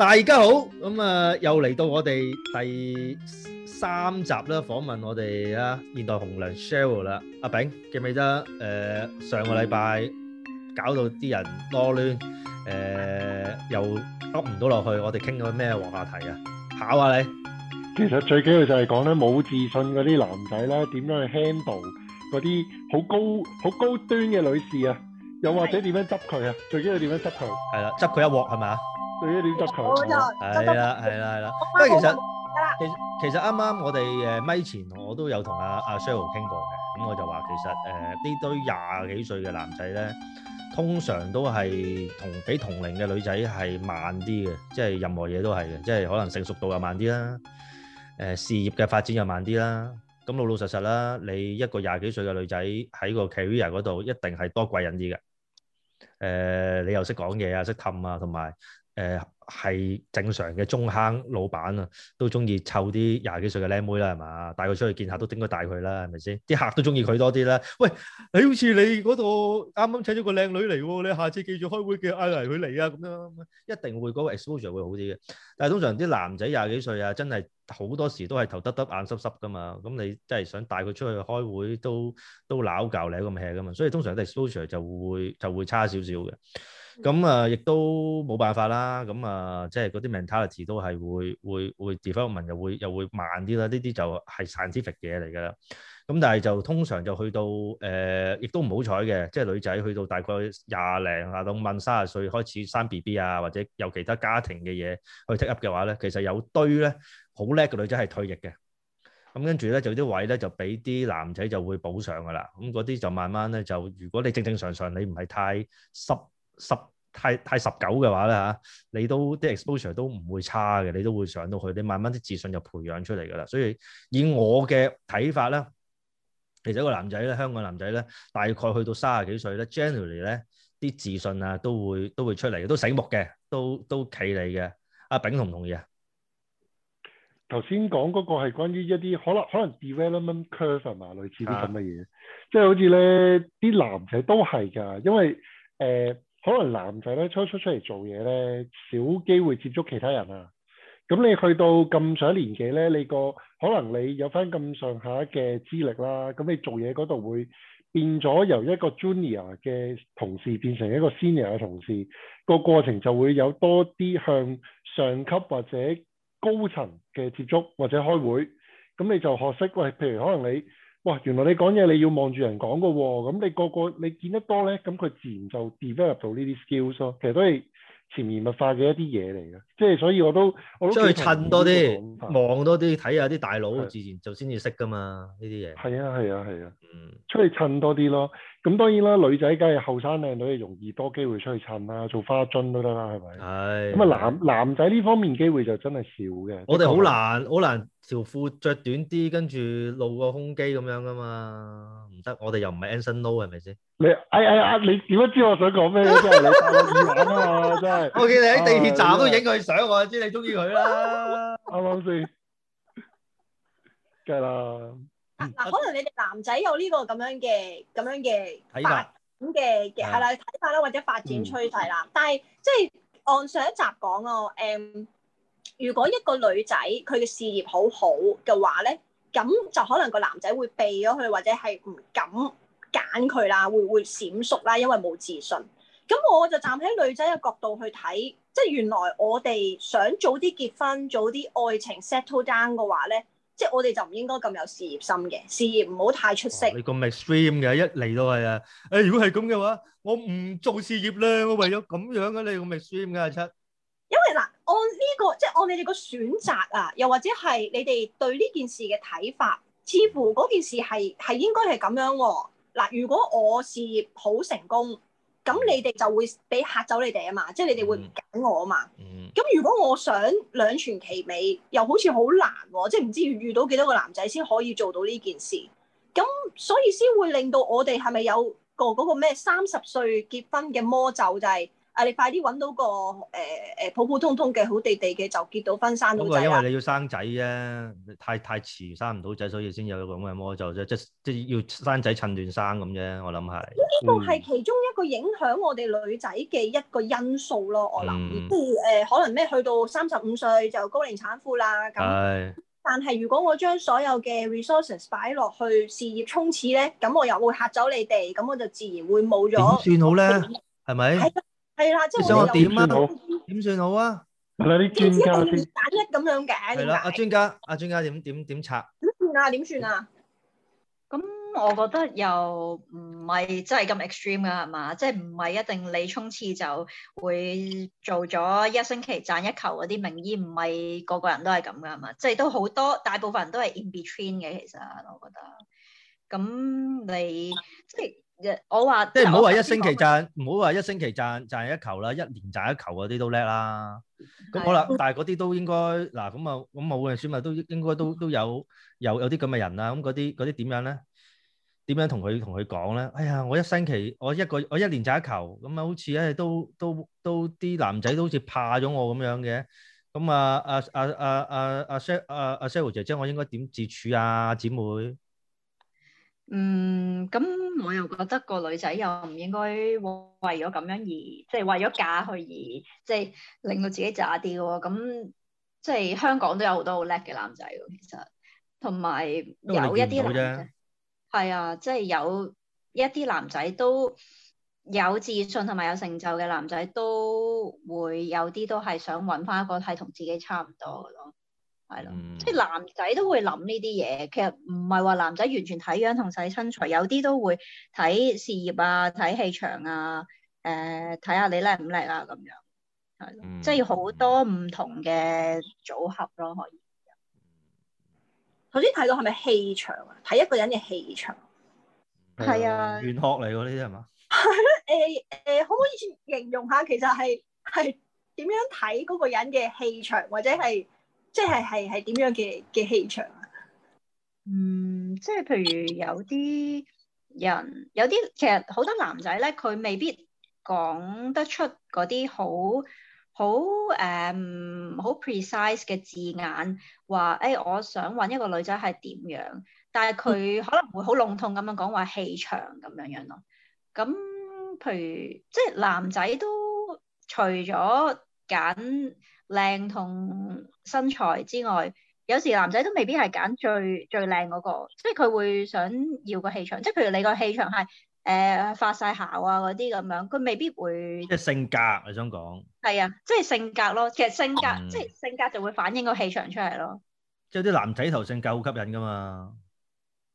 大家好，咁啊又嚟到我哋第三集啦，訪問我哋啊現代紅娘 Cheryl 啦，阿炳記唔記得？誒、呃、上個禮拜搞到啲人多攣，誒、呃、又噏唔到落去，我哋傾咗咩話題啊？考下你，其實最緊要就係講咧，冇自信嗰啲男仔咧，點樣去 handle 嗰啲好高好高端嘅女士啊？又或者點樣執佢啊？最緊要點樣執佢？係啦，執佢一鑊係咪佢啲劣質球場，係啦係啦係啦，不過其實，其其實啱啱我哋誒，咪前我都有同阿阿 Cheryl 傾過嘅，咁我就話其實誒，呃、堆呢堆廿幾歲嘅男仔咧，通常都係同比同齡嘅女仔係慢啲嘅，即係任何嘢都係嘅，即係可能成熟度又慢啲啦，誒、呃，事業嘅發展又慢啲啦，咁老老實實啦，你一個廿幾歲嘅女仔喺個 career 嗰度，一定係多貴人啲嘅，誒、呃，你又識講嘢啊，識氹啊，同埋。誒係、呃、正常嘅中坑老闆啊，都中意湊啲廿幾歲嘅靚妹啦，係嘛？帶佢出去見客都應該帶佢啦，係咪先？啲客都中意佢多啲啦。喂，你好似你嗰度啱啱請咗個靚女嚟喎、啊，你下次記住開會嘅嗌嚟佢嚟啊，咁樣、啊、一定會嗰、嗰個 exposure 會好啲嘅。但係通常啲男仔廿幾歲啊，真係好多時都係頭耷耷眼濕濕噶嘛。咁你真係想帶佢出去開會都都攪搞你咁吃 e 噶嘛。所以通常啲 exposure 就會就會差少少嘅。咁啊，亦、嗯、都冇辦法啦。咁、嗯、啊，即係嗰啲 mentalities 都係會會會 development 又會又會慢啲啦。呢啲就係 creative 嘢嚟㗎啦。咁、嗯、但係就通常就去到誒，亦、呃、都唔好彩嘅，即係女仔去到大概廿零廿到卅歲開始生 BB 啊，或者有其他家庭嘅嘢去 take up 嘅話咧，其實有堆咧好叻嘅女仔係退役嘅。咁跟住咧就啲位咧就俾啲男仔就會補上㗎啦。咁嗰啲就慢慢咧就，如果你正正常常，常你唔係太濕。十太太十九嘅話咧吓，你都啲 exposure 都唔會差嘅，你都會上到去，你慢慢啲自信就培養出嚟噶啦。所以以我嘅睇法咧，其實一個男仔咧，香港男仔咧，大概去到卅幾歲咧，generally 咧啲自信啊，都會都會出嚟，都醒目嘅，都都企你嘅。阿炳同唔同意啊？頭先講嗰個係關於一啲可能可能 development curve 啊，類似啲咁嘅嘢，即係好似咧啲男仔都係噶，因為誒。呃可能男仔咧，初初出出嚟做嘢咧，少機會接觸其他人啊。咁你去到咁上年紀咧，你個可能你有翻咁上下嘅資歷啦，咁你做嘢嗰度會變咗由一個 junior 嘅同事變成一個 senior 嘅同事，個過程就會有多啲向上級或者高層嘅接觸或者開會。咁你就學識喂，譬如可能你。哇，原來你講嘢你要望住人講㗎喎，咁你個個你見得多咧，咁佢自然就 develop 到呢啲 skills 咯、哦。其實都係潛移默化嘅一啲嘢嚟嘅，即係所以我都我都出去趁多啲，望法多啲，睇下啲大佬自然就先至識㗎嘛呢啲嘢。係啊係啊係啊，嗯，出去趁多啲咯。咁當然啦，女仔梗係後生靚女，容易多機會出去襯啦，做花樽都得啦，係咪？係。咁啊，男男仔呢方面機會就真係少嘅。我哋好難，好難條褲著短啲，跟住露個胸肌咁樣噶嘛，唔得。我哋又唔係 Anson Lo 係咪先？你哎呀！你點樣知我想講咩先？你太意淫啦！真係。我見你喺地鐵站都影佢相，我知你中意佢啦。啱唔啱先？梗係啦。嗱、啊，可能你哋男仔有呢個咁樣嘅咁樣嘅發展嘅嘅係啦，睇的、啊、法啦，或者發展趨勢啦。嗯、但係即係，按上一集講哦，誒、嗯，如果一個女仔佢嘅事業好好嘅話咧，咁就可能個男仔會避咗佢，或者係唔敢揀佢啦，會會閃縮啦，因為冇自信。咁我就站喺女仔嘅角度去睇，即係原來我哋想早啲結婚、早啲愛情 settle down 嘅話咧。即係我哋就唔應該咁有事業心嘅，事業唔好太出色。哦、你咁 extreme 嘅，一嚟都係啊！誒、哎，如果係咁嘅話，我唔做事業咧，我為咗咁樣嘅你咁 extreme 嘅阿七。因為嗱，按呢、這個即係按你哋個選擇啊，又或者係你哋對呢件事嘅睇法，似乎嗰件事係係應該係咁樣喎。嗱，如果我事業好成功，咁你哋就會俾嚇走你哋啊嘛，嗯、即係你哋會唔揀我啊嘛。嗯咁如果我想兩全其美，又好似好難喎、啊，即係唔知遇到幾多個男仔先可以做到呢件事，咁所以先會令到我哋係咪有個嗰個咩三十歲結婚嘅魔咒就係、是？啊，你快啲揾到個誒誒、呃、普普通通嘅好地地嘅就結到婚生到仔。因為你要生仔啫，太太遲生唔到仔，所以先有咁嘅魔咒啫。即即，即要生仔趁亂生咁啫，我諗係。呢個係其中一個影響我哋女仔嘅一個因素咯。我諗誒、嗯呃，可能咩去到三十五歲就高齡產婦啦咁。係。是但係如果我將所有嘅 resources 擺落去事業衝刺咧，咁我又會嚇走你哋，咁我就自然會冇咗點算好咧？係咪？ 是係啦，即係想我點啊？點算好啊？係啦，啲專家先，一咁樣嘅。係啦，阿專家，阿專家點點點拆？點算啊？點算啊？咁我覺得又唔係真係咁 extreme 㗎，係嘛？即係唔係一定你衝刺就會做咗一星期賺一球嗰啲名醫，唔係個個人都係咁㗎嘛？即係、就是、都好多大部分人都係 in between 嘅，其實我覺得。咁你即係。就是我話，即係唔好話一星期賺，唔好話一星期賺賺一球啦，一年賺一球嗰啲都叻啦。咁好啦，但係嗰啲都應該嗱，咁啊咁冇嘅選物都應該都都有有有啲咁嘅人啦。咁嗰啲嗰啲點樣咧？點樣同佢同佢講咧？哎呀，我一星期我一個我一年賺一球，咁啊好似咧都都都啲男仔都好似怕咗我咁樣嘅。咁啊阿啊啊阿啊 Cheryl 啊啊 Cheryl 姐，即我應該點自處啊？姊妹？嗯，咁我又覺得個女仔又唔應該為咗咁樣而，即係為咗嫁去而，即係令到自己渣啲喎。咁即係香港都有好多好叻嘅男仔喎，其實，同埋有一啲男仔，係啊，即係有一啲男仔都有自信同埋有成就嘅男仔，都會有啲都係想揾翻一個係同自己差唔多嘅咯。係咯，即係男仔都會諗呢啲嘢，其實唔係話男仔完全睇樣同睇身材，有啲都會睇事業啊，睇氣場啊，誒、呃，睇下你叻唔叻啊，咁樣。係、嗯、即係好多唔同嘅組合咯、啊，可以。頭先睇到係咪氣場啊？睇一個人嘅氣場。係啊。玄學嚟嗰啲係嘛？係咯、 欸，誒、欸、誒，可唔可以形容下？其實係係點樣睇嗰個人嘅氣場，或者係？即係係係點樣嘅嘅氣場啊？嗯，即係譬如有啲人，有啲其實好多男仔咧，佢未必講得出嗰啲好好誒好、um, precise 嘅字眼，話誒、哎、我想搵一個女仔係點樣，但係佢可能會好籠統咁樣講話氣場咁樣樣咯。咁譬如即係男仔都除咗揀靚同身材之外，有時男仔都未必係揀最最靚嗰個，即係佢會想要個氣場，即係譬如你個氣場係誒、呃、發晒姣啊嗰啲咁樣，佢未必會。即係性格，我想講。係啊，即係性格咯，其實性格即係性格就會反映個氣場出嚟咯。即係啲男仔頭性格好吸引噶嘛。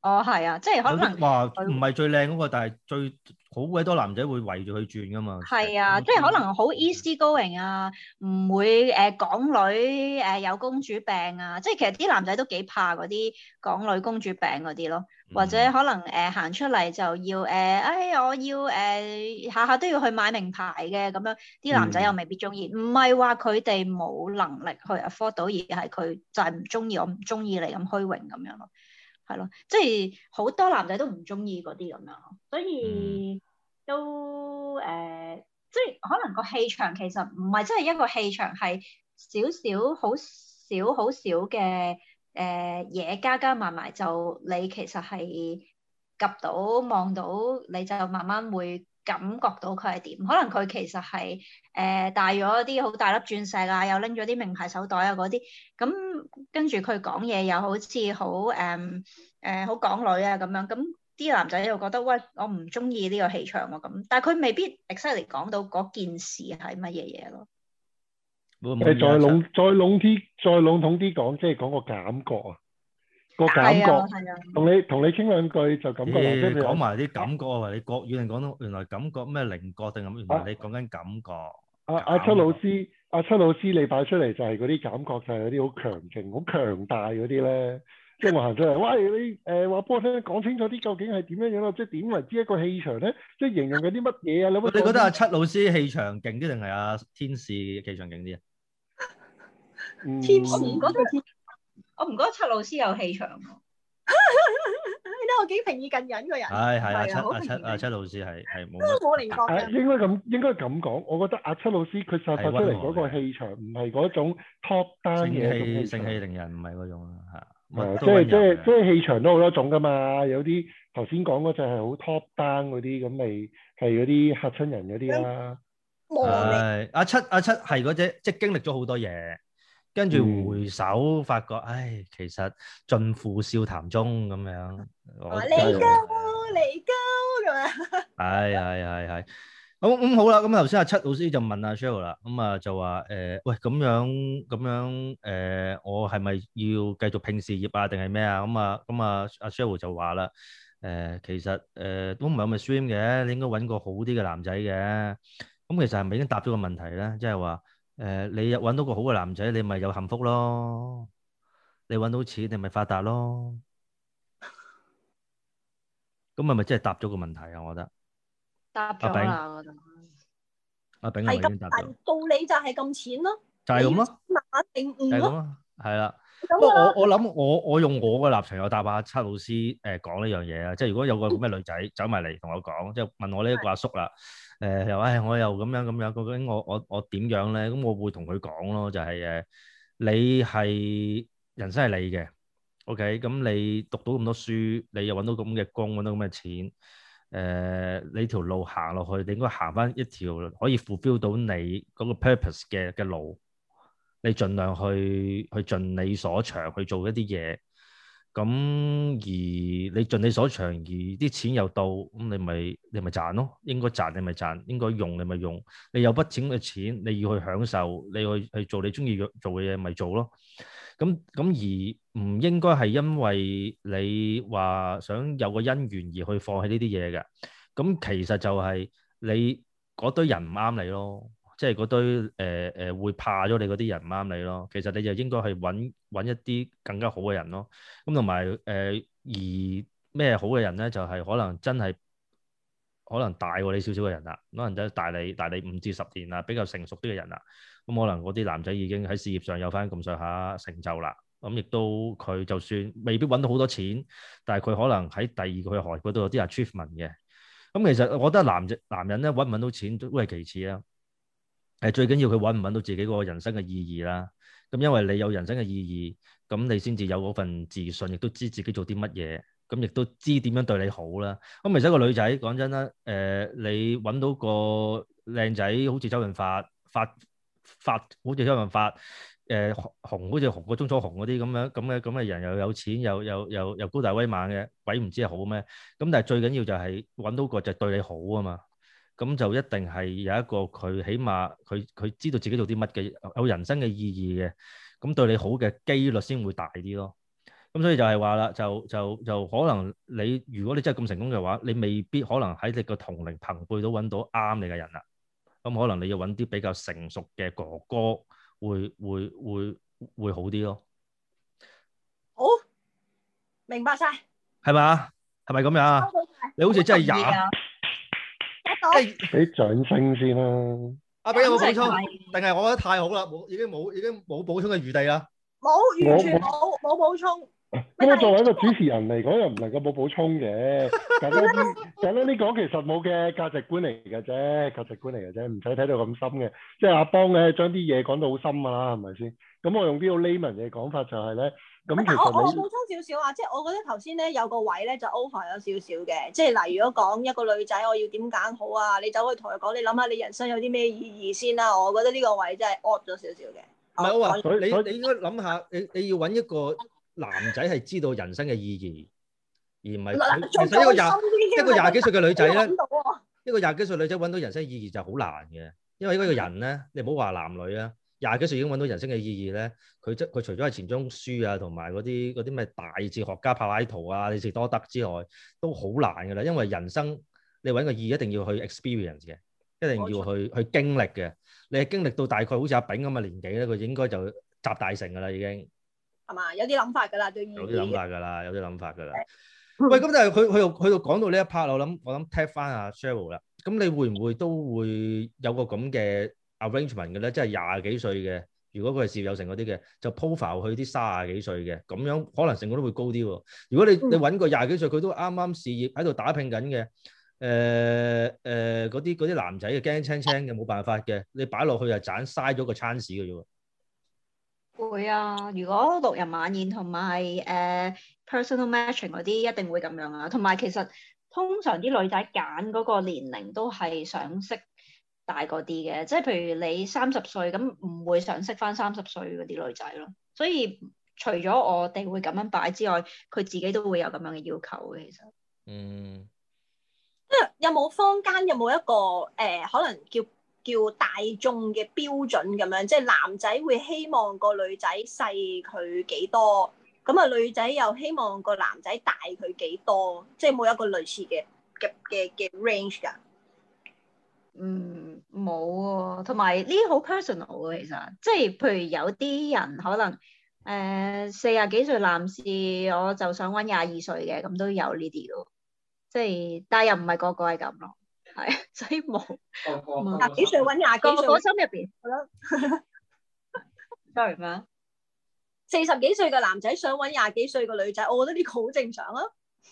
哦，係啊，即係可能哇，唔係嘩會最靚嗰個，但係最好鬼多男仔會圍住佢轉噶嘛。係啊，即係可能好 easy going 啊，唔、嗯、會誒、呃、港女誒、呃、有公主病啊，即係其實啲男仔都幾怕嗰啲港女公主病嗰啲咯，嗯、或者可能誒行、呃、出嚟就要誒、呃，哎我要誒下下都要去買名牌嘅，咁樣啲男仔又未必中意。唔係話佢哋冇能力去 afford 到，而係佢就係唔中意，我唔中意你咁虛榮咁樣咯。係咯，即係好多男仔都唔中意嗰啲咁樣，所以都誒、呃，即係可能個氣場其實唔係真係一個氣場，係少少好少好少嘅誒嘢，加加埋埋，就你其實係及到望到，你就慢慢會。感覺到佢係點？可能佢其實係誒、呃、戴咗啲，好大粒鑽石啊，又拎咗啲名牌手袋啊嗰啲。咁跟住佢講嘢又好似好誒誒好港女啊咁樣。咁啲男仔又覺得喂，我唔中意呢個氣場喎、啊。咁但係佢未必 exactly 講到嗰件事係乜嘢嘢咯。你再籠再籠啲，再籠統啲講，即係講個感覺啊。個感覺，同、啊啊、你同你傾兩句就感覺。咦，講埋啲感覺啊！你國語定廣東，原來感覺咩靈覺定係？原來你講緊感覺。阿阿七老師，阿、啊、七老師，你擺出嚟就係嗰啲感覺，就係嗰啲好強勁、好強大嗰啲咧。即係我行出嚟，喂，你誒話幫我聽講清楚啲，究竟係點樣樣啊？即係點為之一個氣場咧？即係形容佢啲乜嘢啊？你有有你覺得阿七老師氣場勁啲定係阿天使氣場勁啲啊？天使嗰我唔覺得七老師有氣場，你 我幾平易近人個人。係，係阿七阿七阿七老師，係係冇都冇靈覺嘅。應該咁應該咁講，我覺得阿、啊、七老師佢散發出嚟嗰個氣場唔係嗰種 top down 嘅，盛氣盛氣凌人，唔係嗰種啊吓。即係即係即係氣場都好多種噶嘛，有啲頭先講嗰隻係好 top down 嗰啲，咁咪係嗰啲嚇親人嗰啲啦。係阿、嗯哎啊、七阿、啊、七係嗰隻，即係、嗰個、經歷咗好多嘢。跟住回首，發覺，唉，其實盡付笑談中咁樣。我嚟高，嚟高，咁啊！係係係係，咁、哎、咁、哎哎哎嗯、好啦。咁頭先阿七老師就問阿 Cheryl 啦、嗯，咁啊就話誒、呃，喂，咁樣咁樣誒、呃，我係咪要繼續拼事業啊？定係咩啊？咁啊咁啊，阿 Cheryl 就話啦，誒、呃，其實誒、呃、都唔係咁 swim 嘅，你應該揾個好啲嘅男仔嘅。咁、嗯、其實係咪已經答咗個問題咧？即係話。誒、呃，你又搵到個好嘅男仔，你咪有幸福咯；你搵到錢，你咪發達咯。咁係咪真係答咗個問題啊？了啊啊，我覺得答咗啦。阿炳係咁，道理就係咁淺咯，就係咁咯，定頂唔咯，係啦。不過我我諗我我用我嘅立場，又答阿七老師誒講呢樣嘢啊，即係如果有個咩女仔走埋嚟同我講，嗯、即係問我呢個阿叔啦。誒、呃、又唉、哎，我又咁樣咁樣，究竟我我我點樣咧？咁、嗯、我會同佢講咯，就係、是、誒，你係人生係你嘅，OK？咁、嗯、你讀到咁多書，你又搵到咁嘅工，搵到咁嘅錢，誒、呃，你條路行落去，你應該行返一條可以 fulfill 到你嗰個 purpose 嘅嘅路，你盡量去去盡你所長去做一啲嘢。咁、嗯、而你盡你所長，而啲錢又到，咁、嗯、你咪你咪賺咯。應該賺你咪賺，應該用你咪用。你有筆錢嘅錢，你要去享受，你要去去做你中意嘅做嘅嘢，咪做咯。咁、嗯、咁、嗯、而唔應該係因為你話想有個姻緣而去放棄呢啲嘢嘅。咁、嗯、其實就係你嗰堆人唔啱你咯。即係嗰堆誒誒、呃、會怕咗你嗰啲人唔啱你咯。其實你就應該去揾揾一啲更加好嘅人咯。咁同埋誒而咩好嘅人咧，就係、是、可能真係可能大過你少少嘅人啦，可能都大你大你五至十年啦，比較成熟啲嘅人啦。咁、嗯、可能嗰啲男仔已經喺事業上有翻咁上下成就啦。咁、嗯、亦都佢就算未必揾到好多錢，但係佢可能喺第二個海嗰度有啲 achievement 嘅。咁、嗯、其實我覺得男男人咧揾唔揾到錢都係其次啊。誒最緊要佢揾唔揾到自己個人生嘅意義啦，咁因為你有人生嘅意義，咁你先至有嗰份自信，亦都知自己做啲乜嘢，咁亦都知點樣對你好啦。咁其實個女仔講真啦，誒、呃、你揾到個靚仔，好似周潤發發發，好似周潤發，誒、呃、紅，好似紅過鍾楚紅嗰啲咁樣，咁嘅咁嘅人又有錢又又又又高大威猛嘅，鬼唔知係好咩？咁但係最緊要就係揾到個就對你好啊嘛。咁就一定係有一個佢，起碼佢佢知道自己做啲乜嘅，有人生嘅意義嘅。咁對你好嘅幾率先會大啲咯。咁所以就係話啦，就就就可能你如果你真係咁成功嘅話，你未必可能喺你個同齡朋輩度揾到啱你嘅人啦。咁可能你要揾啲比較成熟嘅哥哥，會會會會好啲咯。好、哦，明白晒。係咪啊？係咪咁樣？你好似真係廿。哦俾掌聲先啦、啊！阿比有冇補充？定係我覺得太好啦，冇已經冇已經冇補充嘅餘地啦！冇，完全冇，冇補充。咁我作為一個主持人嚟講，又唔能夠冇補充嘅。但係呢啲，講其實冇嘅價值觀嚟嘅啫，價值觀嚟嘅啫，唔使睇到咁深嘅。即係阿邦咧，將啲嘢講到好深啊，係咪先？咁我用啲好 layman 嘅講法就係咧，咁其實我我補充少少啊，即係我覺得頭先咧有個位咧就 over 咗少少嘅，即係例如果講一個女仔我要點揀好啊，你走去同佢講，你諗下你人生有啲咩意義先啦。我覺得呢個位真係 o 咗少少嘅。唔係我話，你你你應該諗下，你你要搵一個。男仔係知道人生嘅意義，而唔係。男仔一,一個廿 一個廿幾歲嘅女仔咧，一個廿幾歲女仔揾到人生意義就好難嘅，因為依個人咧，你唔好話男女啊，廿幾歲已經揾到人生嘅意義咧，佢即佢除咗係錢鍾書啊，同埋嗰啲啲咩大哲學家柏拉圖啊、利士多德之外，都好難㗎喇，因為人生你揾個意義一定要去 experience 嘅，一定要去錯去經歷嘅，你係經歷到大概好似阿炳咁嘅年紀咧，佢應該就集大成㗎喇已經。係嘛？有啲諗法噶啦，都有啲諗法噶啦，有啲諗法噶啦。的喂，咁但係佢佢又佢又講到呢一 part，我諗我諗踢翻阿 Sheryl 啦。咁你會唔會都會有個咁嘅 arrangement 嘅咧？即係廿幾歲嘅，如果佢係事業有成嗰啲嘅，就 profile 去啲卅幾歲嘅，咁樣可能成功率會高啲喎。如果你你揾個廿幾歲，佢都啱啱事業喺度打拼緊嘅，誒誒嗰啲啲男仔嘅驚青青嘅，冇辦法嘅，你擺落去就盞嘥咗個 chance 嘅啫喎。會啊，如果六人晚宴同埋誒 personal matching 嗰啲一定會咁樣啊。同埋其實通常啲女仔揀嗰個年齡都係想識大嗰啲嘅，即係譬如你三十歲咁，唔會想識翻三十歲嗰啲女仔咯。所以除咗我哋會咁樣擺之外，佢自己都會有咁樣嘅要求嘅。其實嗯，即係、嗯、有冇坊間有冇一個誒、呃、可能叫？叫大眾嘅標準咁樣，即係男仔會希望個女仔細佢幾多，咁啊女仔又希望個男仔大佢幾多，即係冇一個類似嘅嘅嘅嘅 range 㗎。嗯，冇喎、啊，同埋呢啲好 personal 喎，其實即係譬如有啲人可能誒四十幾歲男士，我就想搵廿二歲嘅，咁都有呢啲咯。即係，但又唔係個個係咁咯。係， 所以冇廿幾歲搵廿幾歲，我心入邊，我、哦、諗，sorry 咩？四十幾歲嘅男仔想搵廿幾歲嘅女仔，我覺得呢個好正常啊。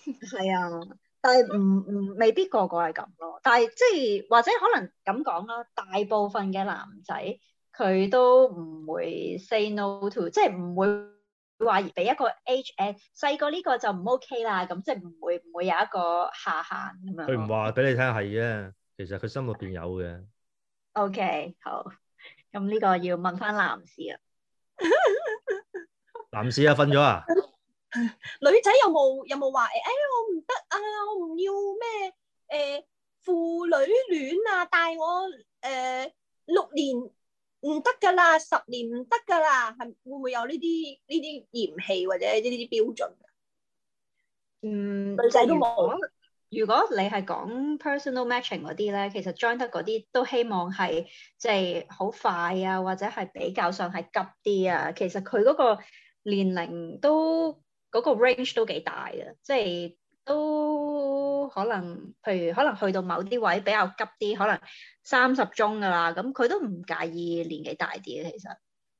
係 啊，但係唔唔未必個個係咁咯，但係即係或者可能咁講啦，大部分嘅男仔佢都唔會 say no to，即係唔會。話俾一個 HS 細個呢個就唔 OK 啦，咁即係唔會唔會有一個下限咁樣。佢唔話俾你聽係嘅，其實佢心入邊有嘅。OK，好，咁呢個要問翻男，男士啊。男士啊，瞓咗啊？女仔有冇有冇話誒？我唔得啊！我唔要咩誒、呃？父女戀啊？帶我誒、呃、六年。唔得噶啦，十年唔得噶啦，係會唔會有呢啲呢啲嫌棄或者呢啲標準啊？女仔、呃、都冇。如果你係講 personal matching 嗰啲咧，其實 join 得嗰啲都希望係即係好快啊，或者係比較上係急啲啊。其實佢嗰個年齡都嗰個 range 都幾大嘅，即係。都可能，譬如可能去到某啲位比較急啲，可能三十鐘噶啦，咁佢都唔介意年紀大啲啊。其實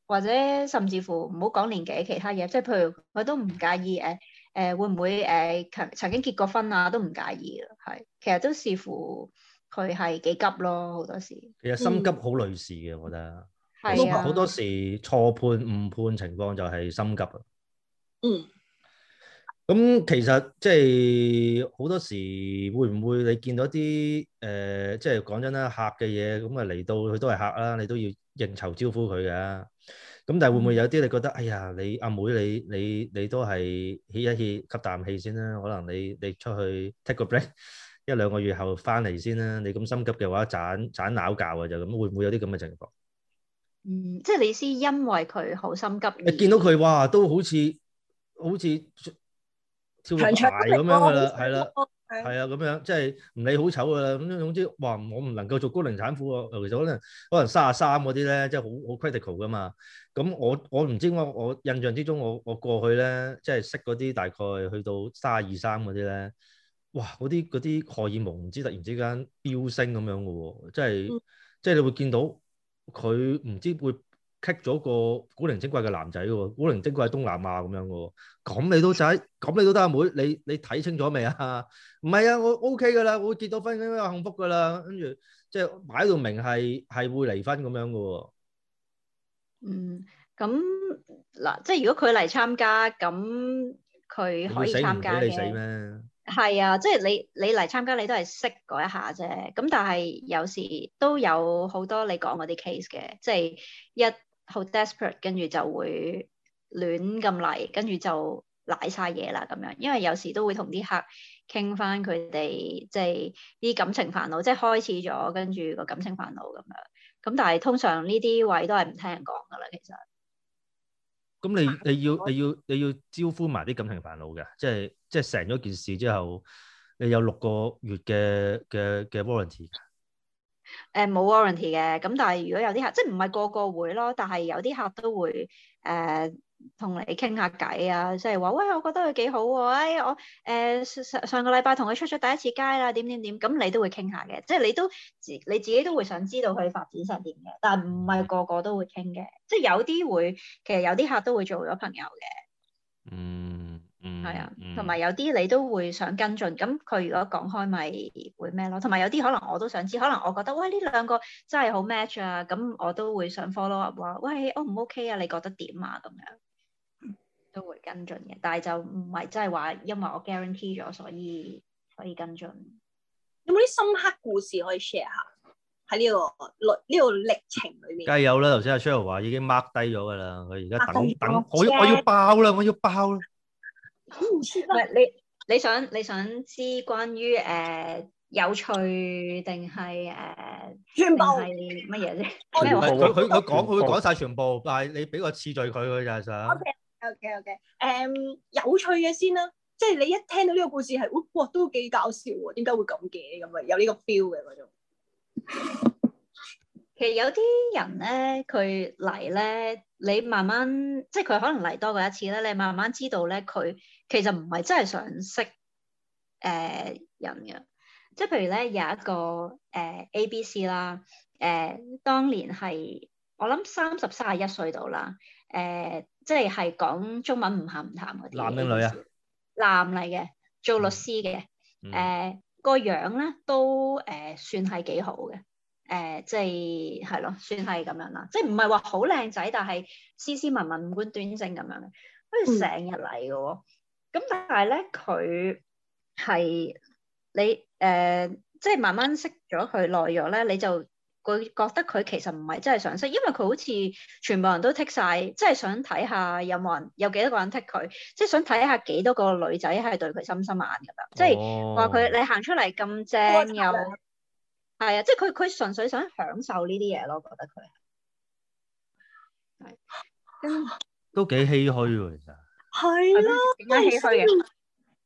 或者甚至乎唔好講年紀，其他嘢，即係譬如佢都唔介意誒誒、呃、會唔會誒曾、呃、曾經結過婚啊都唔介意，係其實都視乎佢係幾急咯，好多時。其實心急好累事嘅，嗯、我覺得係啊，好多時錯判誤判情況就係心急啊。嗯。咁其實即係好多時會唔會你見到啲誒即係講真啦客嘅嘢咁啊嚟到佢都係客啊你都要應酬招呼佢嘅咁但係會唔會有啲你覺得哎呀你阿妹你你你都係歇一歇吸啖氣先啦可能你你出去 take a break 一兩個月後翻嚟先啦你咁心急嘅話盞盞鬧交啊就咁會唔會有啲咁嘅情況？嗯，即係你先因為佢好心急，你見到佢哇都好似好似。跳到大咁樣噶啦，係啦，係啊的，咁樣即係唔理好醜噶啦。咁總之，哇！我唔能夠做高齡產婦喎、啊。尤其是可能可能三啊三嗰啲咧，即係好好 critical 噶嘛。咁我我唔知，我知我印象之中，我我過去咧，即係識嗰啲大概去到三啊二三嗰啲咧，哇！嗰啲嗰啲荷爾蒙唔知突然之間飆升咁樣噶喎、啊，即係、嗯、即係你會見到佢唔知會。劈咗個古靈精怪嘅男仔喎，古靈精怪喺東南亞咁樣嘅，咁你都仔，咁你都得阿妹、妹，你你睇清楚未啊？唔係啊，我 OK 噶啦，我會結到婚應該幸福噶啦，跟住即係擺到明係係會離婚咁樣嘅。嗯，咁嗱，即係如果佢嚟參加，咁佢可以參加，你死、你死咩？係啊，即係你你嚟參加，你、加你都係識嗰一下啫。咁但係有時都有好多你講嗰啲 case 嘅，即係一。好 desperate，跟住就會亂咁嚟，跟住就賴晒嘢啦咁樣。因為有時都會同啲客傾翻佢哋即係啲感情煩惱，即係開始咗，跟住個感情煩惱咁樣。咁但係通常呢啲位都係唔聽人講噶啦，其實。咁你你要你要你要，你要招呼埋啲感情煩惱嘅，即係即係成咗件事之後，你有六個月嘅嘅嘅 warranty。誒，冇 warranty 嘅，咁但係如果有啲客，即係唔係個個會咯，但係有啲客都會誒同、呃、你傾下偈啊，即係話喂，我覺得佢幾好喎，誒、哎、我誒上、呃、上個禮拜同佢出咗第一次街啦，點點點，咁你都會傾下嘅，即係你都自你自己都會想知道佢發展成點嘅，但係唔係個個都會傾嘅，即係有啲會，其實有啲客都會做咗朋友嘅。嗯。係啊，同埋有啲你都會想跟進，咁佢如果講開咪會咩咯？同埋有啲可能我都想知，可能我覺得喂，呢兩個真係好 match 啊，咁我都會想 follow up 話喂 O 唔 O K 啊？你覺得點啊？咁樣都會跟進嘅，但係就唔係真係話因為我 guarantee 咗，所以可以跟進。有冇啲深刻故事可以 share 下、這個？喺呢個歷呢個歷程裏面，梗係有啦。頭先阿 Cheryl 話已經 mark 低咗噶啦，佢而家等等我我要爆啦，我要爆！唔知，哦，你你想你想知關於誒、呃、有趣定係誒全部？係乜嘢咧？佢佢講佢會講晒全部，但係你俾個次序佢佢就係想。OK OK OK，誒、um, 有趣嘅先啦，即係你一聽到呢個故事係，哇都幾搞笑喎，點解會咁嘅咁啊？有呢個 feel 嘅嗰種。 其實有啲人咧，佢嚟咧，你慢慢即係佢可能嚟多過一次咧，你慢慢知道咧，佢其實唔係真係想識誒、呃、人嘅。即係譬如咧，有一個誒 A、B、呃、C 啦，誒、呃、當年係我諗三十三廿一歲度啦，誒、呃、即係係講中文唔咸唔淡嗰啲。男定女啊？男嚟嘅，做律師嘅，誒個、嗯嗯呃、樣咧都誒、呃、算係幾好嘅。誒、呃，即係係咯，算係咁樣啦。即係唔係話好靚仔，但係斯斯文文，五官端正咁樣嘅，好似成日嚟嘅喎。咁，嗯、但係咧，佢係你誒、呃，即係慢慢識咗佢耐咗咧，你就會覺得佢其實唔係真係想識，因為佢好似全部人都剔晒，即係想睇下有冇人有幾多個人剔佢，即係想睇下幾多個女仔係對佢心心眼咁樣，哦、即係話佢你行出嚟咁正又。哇有係啊，即係佢佢純粹想享受呢啲嘢咯，我覺得佢係，都幾唏噓喎，其實係咯，點解唏噓嘅？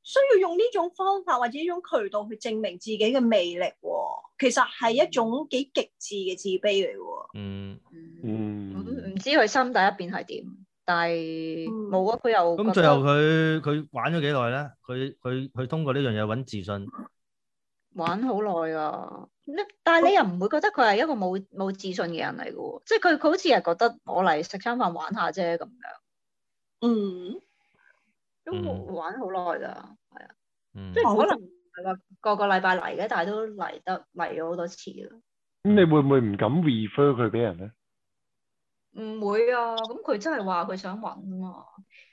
需，需要用呢種方法或者呢種渠道去證明自己嘅魅力，其實係一種幾極致嘅自卑嚟嘅、嗯嗯嗯。嗯嗯，唔知佢心底一邊係點，但係冇啊，佢又咁最後佢佢玩咗幾耐咧？佢佢佢通過呢樣嘢揾自信，玩好耐啊！但係你又唔會覺得佢係一個冇冇、嗯、自信嘅人嚟嘅喎？即係佢佢好似係覺得我嚟食餐飯玩下啫咁樣。嗯，都冇玩好耐噶，係啊，即係可能唔係話個個禮拜嚟嘅，但係都嚟得嚟咗好多次啦。咁、嗯、你會唔會唔敢 refer 佢俾人咧？唔會啊，咁佢真係話佢想搵啊嘛，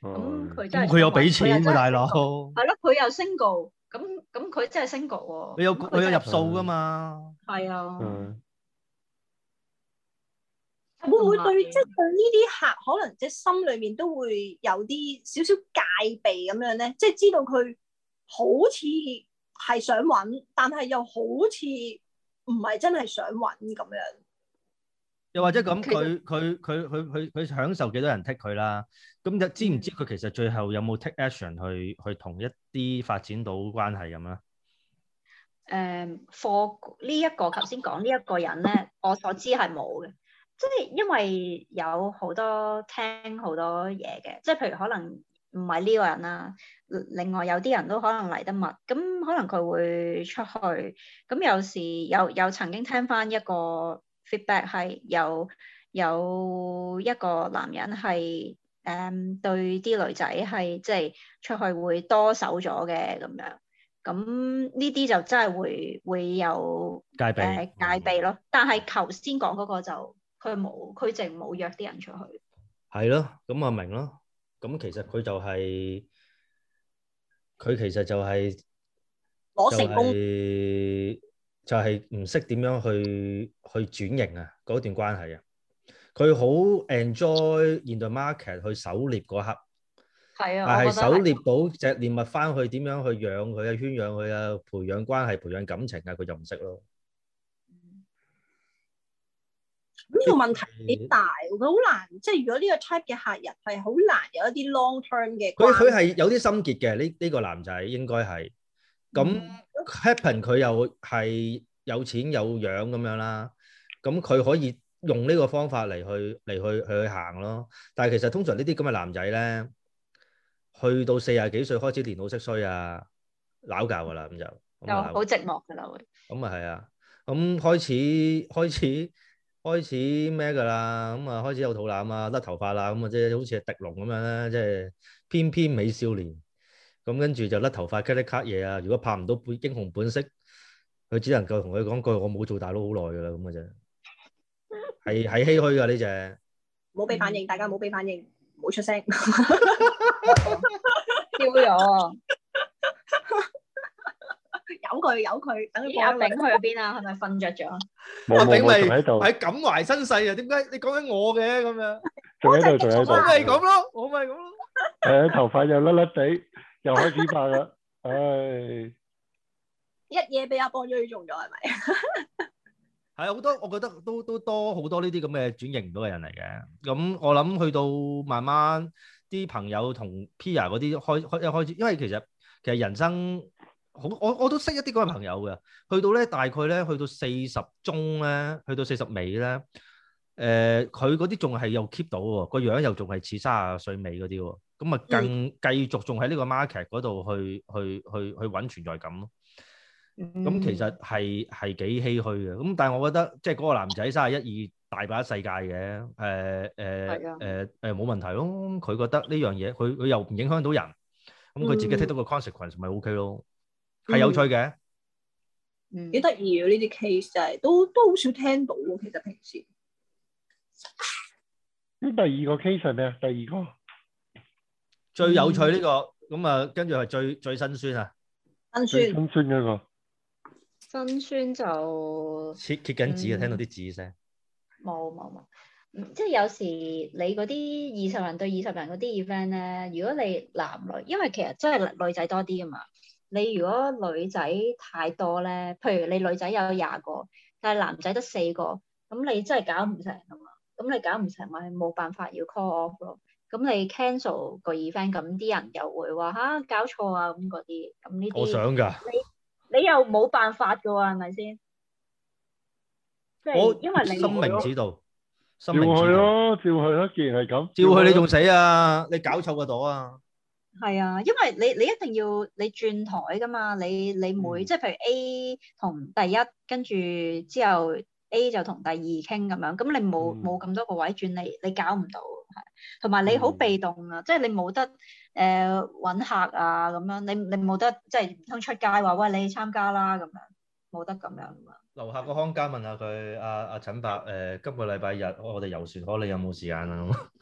咁佢、嗯嗯、真係佢、嗯、有俾錢，大佬，係咯，佢有 single。咁咁佢真係升局喎，你有佢、就是、有入數噶嘛？係啊，會唔會對即係呢啲客可能即係心裏面都會有啲少少戒備咁樣咧，即、就、係、是、知道佢好似係想揾，但係又好似唔係真係想揾咁樣。又或者咁，佢佢佢佢佢佢享受幾多人剔佢啦，咁就知唔知佢其實最後有冇 take action 去去同一啲發展到關係咁啦。誒、嗯，嗰呢一個頭先講呢一個人咧，我所知係冇嘅，即係因為有好多聽好多嘢嘅，即係譬如可能唔係呢個人啦。另外有啲人都可能嚟得密，咁可能佢會出去。咁有時又又曾經聽翻一個。Feedback 係有有一個男人係，誒對啲女仔係即係出去會多手咗嘅咁樣，咁呢啲就真係會會有戒備、呃，戒備咯。但係頭先講嗰個就佢冇，佢淨冇約啲人出去。係咯，咁我明咯。咁其實佢就係、係，佢其實就係、係、攞成功。就係就係唔識點樣去去轉型啊嗰段關係啊，佢好 enjoy 現代 market 去狩獵嗰刻，係呀，但係狩獵到隻獵物翻去點樣去養佢啊，圈養佢啊，培養關係培養感情啊，佢就唔識咯。呢個問題幾大，佢好難。即係如果呢個 type 嘅客人係好難有一啲 long term 嘅。佢佢係有啲心結嘅呢？呢個男仔應該係咁。Happen，佢又係有錢有樣咁樣啦，咁佢可以用呢個方法嚟去嚟去去行咯。但係其實通常呢啲咁嘅男仔咧，去到四十幾歲開始年老色衰啊，撈教噶啦，咁就又好有就寂寞噶啦會。咁啊係啊，咁開始開始開始咩㗎啦？咁啊開始有肚腩啊，甩頭髮啦，咁啊即係好似係迪龍咁樣啦，即係翩翩美少年。咁跟住就甩頭髮、cut 啲 cut 嘢啊！如果拍唔到本英雄本色，佢只能夠同佢講句：我冇做大佬好耐噶啦，咁嘅啫，係係唏噓噶呢隻。冇俾反應，大家冇俾反應，冇出聲，丟咗，由佢由佢，等佢過嚟。阿炳去咗邊啊？係咪瞓著咗？阿炳咪係感懷身世啊？點解你講緊我嘅咁樣？仲喺度，仲喺度。我咪咁咯，我咪咁咯。係啊，頭髮又甩甩地。又開始拍啦！唉 哎，一嘢俾阿波追中咗，係咪？係 啊， 好多，我覺得都都多好多呢啲咁嘅轉型唔到嘅人嚟嘅。咁我諗去到慢慢啲朋友同 peer 嗰啲開開又開始，因為其實其實人生好，我我都識一啲嗰啲朋友嘅。去到咧大概咧去到四十中咧，去到四十尾咧。誒，佢嗰啲仲係又 keep 到，樣嗯、個樣又仲係似卅歲尾嗰啲，咁啊更繼續仲喺呢個 market 嗰度去去去去揾存在感咯。咁、嗯嗯、其實係係幾唏嘘嘅。咁、嗯、但係我覺得，即係嗰個男仔卅一二，32, 大把世界嘅，誒誒誒誒冇問題咯。佢覺得呢樣嘢，佢佢又唔影響到人，咁佢自己 take 到個 consequence 咪 ok 咯，係、嗯、有趣嘅。嗯，幾得意啊！呢啲 case 真、就、係、是、都都好少聽到咯。其實平時。第二個 case 咩啊？第二個、嗯、最有趣呢、這個，咁啊，跟住係最新最辛酸啊！辛酸，辛酸嗰個辛酸就切揭緊紙啊！字嗯、聽到啲紙聲，冇冇冇，即係有時你嗰啲二十人對二十人嗰啲 event 咧，如果你男女，因為其實真係女仔多啲啊嘛，你如果女仔太多咧，譬如你女仔有廿個，但係男仔得四個，咁你真係搞唔成。咁你搞唔成咪冇辦法要 call off 咯，咁你 cancel 個 event，咁啲人又會話，吓，搞錯啊，咁嗰啲，咁呢啲我想噶你你又冇辦法噶喎，係咪先？我因為你心明指導，照去咯，照去咯，既然係咁，照去你仲死啊？你搞錯個度啊？係啊，因為你，你一定要你轉台噶嘛，你，你每即係譬如 A 同第一，跟住之後。A 就同第二傾咁樣，咁你冇冇咁多個位轉你，你搞唔到，係同埋你好被動、嗯呃、啊，即係你冇得誒揾客啊咁樣，你你冇得即係唔通出街話喂你去參加啦咁樣，冇得咁樣問問啊。樓下個康家問下佢阿啊陳伯，誒、呃、今個禮拜日我哋遊船河，你有冇時間啊？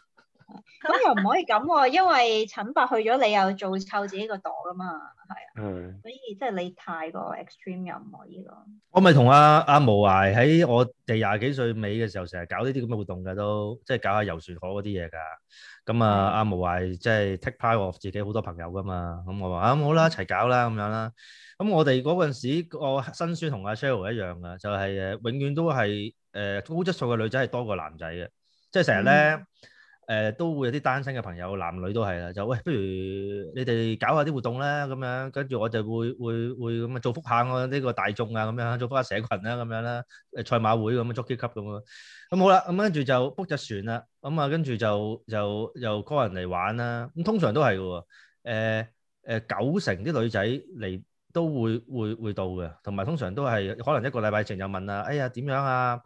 咁又唔可以咁、啊，因為陳伯去咗，你又做臭自己個朵噶嘛，係啊，嗯、所以即係你太過 extreme 又唔、這、可、個、以咯。我咪同阿阿毛懷喺我哋廿幾歲尾嘅時候，成日搞呢啲咁嘅活動噶，都即係搞下遊船河嗰啲嘢噶。咁、嗯、啊，阿毛懷即係 take part of 自己好多朋友噶嘛，咁、嗯、我話啊、嗯，好啦，一齊搞啦，咁樣啦。咁我哋嗰陣時，我新書同阿 Cheryl 一樣噶，就係、是、誒，永遠都係誒、呃、高質素嘅女仔係多過男仔嘅，即係成日咧。嗯誒都會有啲單身嘅朋友，男女都係啦。就喂，不如你哋搞下啲活動啦，咁樣跟住我就會會會咁啊，祝福下我呢個大眾啊，咁樣祝福下社羣啦，咁樣啦，誒賽馬會咁啊，Jockey Club 咁啊。咁好啦，咁跟住就 book 隻船啦。咁啊，跟住就就就 call 人嚟玩啦。咁通常都係嘅喎。誒誒，九成啲女仔嚟都會會會到嘅，同埋通常都係可能一個禮拜前就問啦，哎呀點樣啊？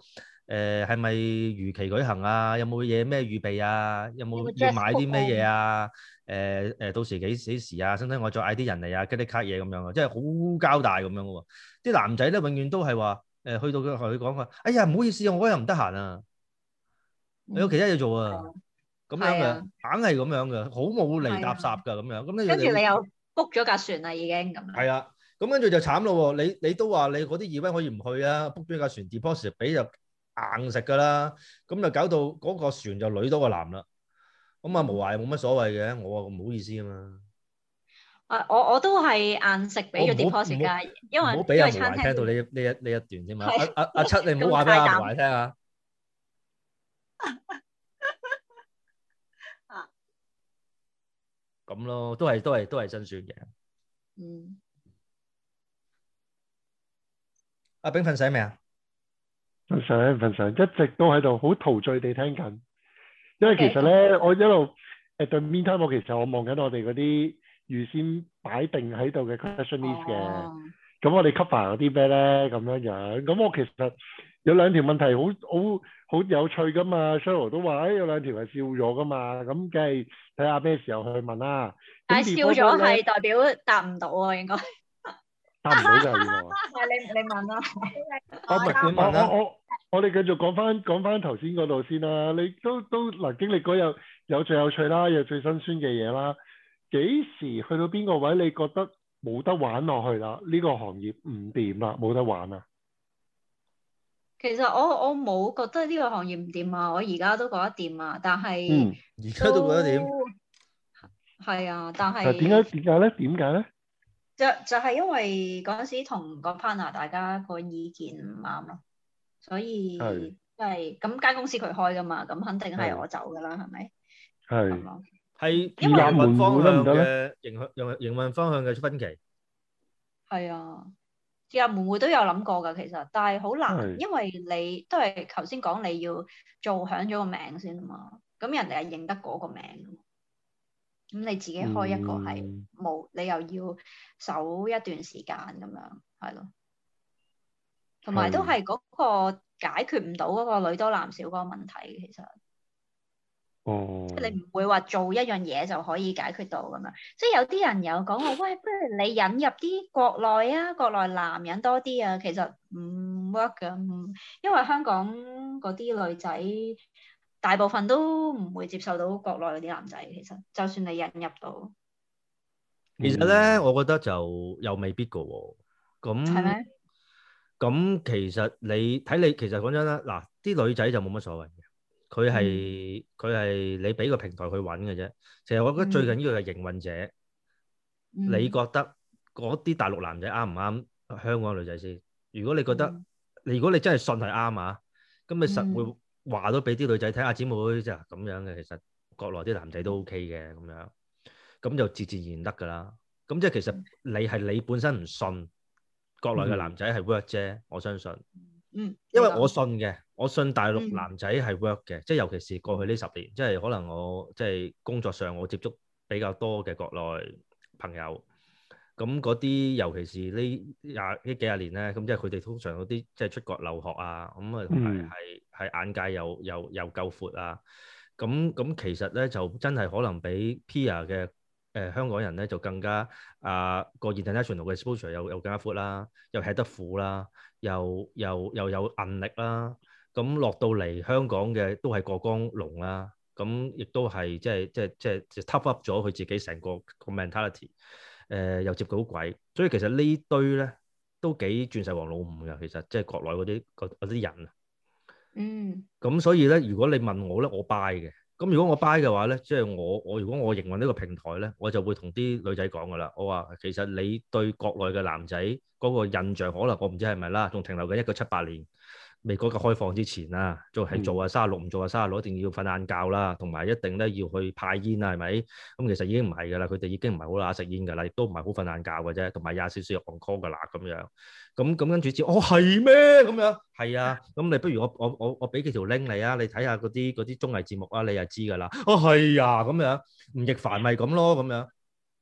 誒係咪如期舉行啊？有冇嘢咩預備啊？有冇要買啲咩嘢啊？誒誒，到時幾幾時啊？使唔使我再嗌啲人嚟啊？嗰啲卡嘢咁樣啊，即係好交代咁樣嘅。啲男仔咧，永遠都係話誒，去到佢佢講話，哎呀唔好意思啊，我又唔得閒啊，有其他嘢做啊，咁樣硬係咁樣嘅，好冇釐搭霎嘅咁樣。咁跟住你又 book 咗架船啊已經咁樣。係啊，咁跟住就慘咯。你你都話你嗰啲二威可以唔去啊，book 咗架船 deposit 俾入。硬食噶啦，咁就搞到嗰個船就女多過男啦。咁啊，無懷冇乜所謂嘅，我啊唔好意思啊嘛。啊，我我都係硬食俾咗啲破事嘅，因為唔好俾阿無懷聽到呢呢一呢一段先嘛。阿阿阿七，你唔好話俾阿無懷聽啊。咁咯，都係都係都係真算嘅。嗯。阿炳瞓醒未啊？份上一直都喺度好陶醉地聽緊。因為其實咧，Okay. 我一路誒對 meantime，我其實我望緊我哋嗰啲預先擺定喺度嘅 question list 嘅，oh. 咁我哋 cover 嗰啲咩咧？咁樣樣。咁我其實有兩條問題好好好有趣㗎嘛。Cheryl 都話誒，哎、有兩條係笑咗㗎嘛。咁梗係睇下咩時候去問啦，啊。但係笑咗係代表答唔到啊，應該。差唔多就係喎。係 你你問啦。我唔係我我哋繼續講翻講翻頭先嗰度先啦。你都都嗱經歷過有有最有趣啦，又最辛酸嘅嘢啦。幾時去到邊個位，你覺得冇得玩落去啦？呢、呢個行業唔掂啦，冇得玩啦。其實我我冇覺得呢個行業唔掂啊！我而家都覺得掂、嗯、啊，但係而家都覺得掂係啊，但係點解點解咧？點解咧？就就係、是、因為嗰陣時同個 partner 大家個意見唔啱咯，所以係係咁間公司佢開㗎嘛，咁肯定係我走㗎啦，係咪是？係係因為營運方向嘅營營營運方向嘅分歧。係啊，亞門會都有諗過㗎，其實，但係好難，是因為你都係頭先講你要做響咗個名先嘛，咁人哋係認得嗰個名。咁你自己開一個係冇，你又要守一段時間咁樣，係咯。同埋都係嗰個解決唔到嗰個女多男少嗰個問題，其實。哦、嗯。即係你唔會話做一樣嘢就可以解決到咁樣。即係有啲人有講話，喂，不如你引入啲國內啊，國內男人多啲啊，其實唔、嗯、work 嘅、嗯，因為香港嗰啲女仔。大部分都唔會接受到國內嗰啲男仔，其實就算你引入到，其實咧，嗯、我覺得就又未必噶喎，哦。咁，係咩嗎？咁其實你睇你，其實講真啦，嗱，啲女仔就冇乜所謂嘅，佢係佢係你俾個平台去搵嘅啫。其實我覺得最緊要係營運者，嗯、你覺得嗰啲大陸男仔啱唔啱香港女仔先？如果你覺得，嗯、如果你真係信係啱啊，咁你實會。嗯話都俾啲女仔睇下姊妹，就咁樣嘅。其實國內啲男仔都 OK 嘅，咁樣咁就自自然得㗎喇。咁即係其實你係你本身唔信國內嘅男仔係 work 啫，嗯、我相信。嗯，因為我信嘅，我信大陸男仔係 work 嘅，嗯、即係尤其是過去呢十年，即係可能我即係工作上我接觸比較多嘅國內朋友。咁嗰啲，尤其是 20, 20, 20年呢廿呢幾廿年咧，咁即係佢哋通常嗰啲即係出國留學啊，咁啊同埋係眼界又又又夠闊啊。咁咁其實咧就真係可能比 peer 嘅誒、呃、香港人咧就更加啊、呃、個 international 嘅 exposure 又又更加闊啦、啊，又吃得苦啦、啊，又又又，又有韌力啦、啊。咁落到嚟香港嘅都係過江龍啦、啊，咁、嗯、亦都係即係即係即係就 top up 咗佢自己成個個 mentality。誒、呃、又接到鬼，所以其實呢堆咧都幾鑽石王老五嘅，其實即係國內嗰啲啲人啊。嗯。咁所以咧，如果你問我咧，我 buy 嘅。咁如果我 buy 嘅話咧，即係我我如果我營運呢個平台咧，我就會同啲女仔講㗎啦。我話其實你對國內嘅男仔嗰個印象，可能我唔知係咪啦，仲停留緊一個七八年。未改革開放之前啦、啊，做係做啊三十六，唔做啊三十六，一定要瞓晏覺啦，同埋、嗯、一定咧要去派煙啊，係咪？咁其實已經唔係噶啦，佢哋已經唔係好啦，食煙噶啦，亦都唔係好瞓晏覺嘅啫，同埋廿少少 uncool 噶啦咁樣。咁咁跟住之後，哦係咩？咁樣係啊。咁你不如我我我我俾幾條 link 你啊，你睇下嗰啲嗰啲綜藝節目啊，你就知噶啦。哦係呀，咁、啊、樣吳亦凡咪咁咯，咁樣。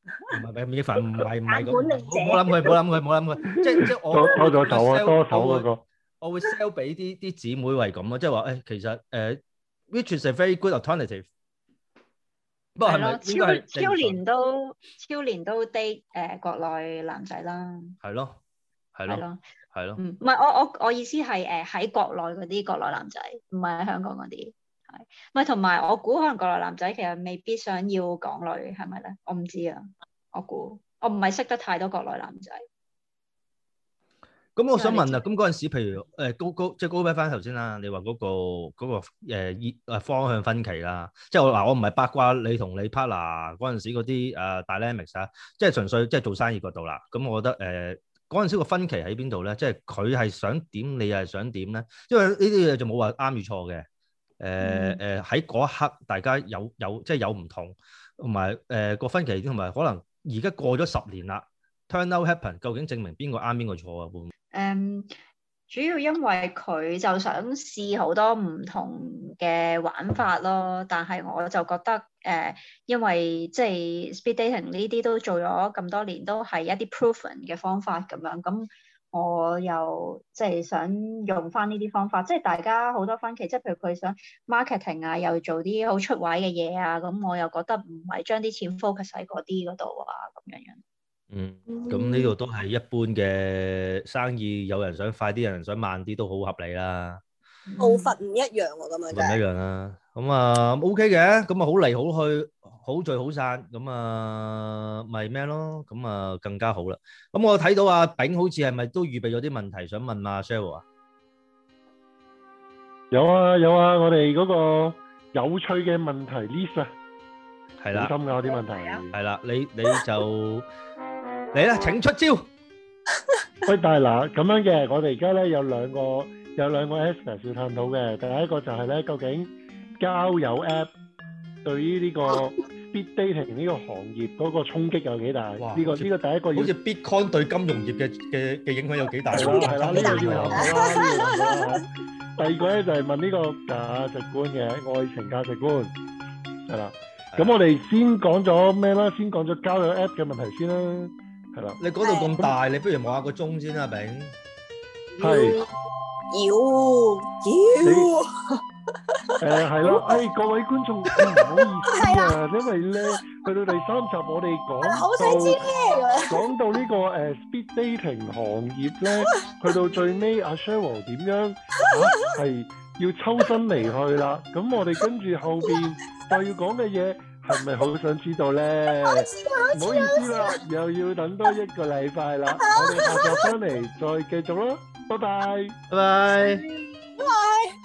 唔係唔係吳亦凡唔係唔係咁。唔好諗佢，唔好諗佢，唔好諗佢。即即我收咗手啊，多手嗰我會 sell 俾啲啲姊妹為咁咯，即係話誒，其實誒，which is a very good alternative。不過係咪應該係正常？超超年都超年都 date，國內男仔啦。係咯，係咯，係咯。唔，唔係我我我意思係誒喺國內嗰啲國內男仔，唔係喺香港嗰啲。唔係同埋我估可能國內男仔其實未必想要港女，係咪咧？我唔知啊，我估我唔係識得太多國內男仔。咁我想問啊，咁嗰陣時，譬如誒高高，即係高比翻頭先啦。你話嗰個嗰個方向分歧啦，即係我嗱，我唔係八卦你同你 partner 嗰陣時嗰啲誒 dynamics 啊，即係純粹即係做生意角度啦。咁我覺得誒嗰陣時個分歧喺邊度咧？即係佢係想點，你係想點咧？因為呢啲嘢就冇話啱與錯嘅。誒誒喺嗰一刻，大家有有即係有唔同，同埋誒個分歧，同埋可能而家過咗十年啦，turn out happen，究竟證明邊個啱，邊個錯啊？會？誒，um, 主要因為佢就想試好多唔同嘅玩法咯，但係我就覺得誒、呃，因為即係、就是、speed dating 呢啲都做咗咁多年，都係一啲 proven 嘅方法咁樣，咁我又即係想用翻呢啲方法，即係大家好多分歧，即係譬如佢想 marketing 啊，又做啲好出位嘅嘢啊，咁我又覺得唔係將啲錢 focus 喺嗰啲嗰度啊，咁樣樣。嗯，咁呢度都係一般嘅生意，有人想快啲，有人想慢啲，都好合理啦。步伐唔一樣喎，咁樣就唔一樣啦。咁啊，O K 嘅，咁啊，好嚟好去，好聚好散，咁啊，咪咩咯？咁啊，更加好啦。咁我睇到阿炳，好似係咪都預備咗啲問題想問阿 Cheryl 啊？有啊，有啊，我哋嗰個有趣嘅問題，Lisa 係啦，好心噶啲問題係啦，你你就。嚟啦請出招。喂，大嗱咁樣嘅，我哋而家咧有兩個有兩個 expert 要探討嘅。第一個就係咧，究竟交友 app 對於呢個 speed dating 呢個行業嗰個衝擊有幾大？呢個呢個第一個好似 Bitcoin 對金融業嘅嘅嘅影響有幾大？哇，係啦，呢個要考。第二個咧就係問呢個價值觀嘅愛情價值觀。係啦，咁我哋先講咗咩啦？先講咗交友 app 嘅問題先啦。係啦，你嗰度咁大，你不如望下個鐘先啦，阿炳。係，要要。誒，係咯，誒，各位觀眾唔好意思啊，因為咧去到第三集，我哋講到講到呢個誒，speed dating 行業咧，去到最尾阿 Cheryl 點樣啊，係要抽身離去啦。咁我哋跟住後邊就要講嘅嘢。係咪好想知道呢？唔好，好，好，好意思啦，像又要等多一個禮拜啦。 我哋入翻嚟再繼續咯。拜拜拜，拜拜，拜。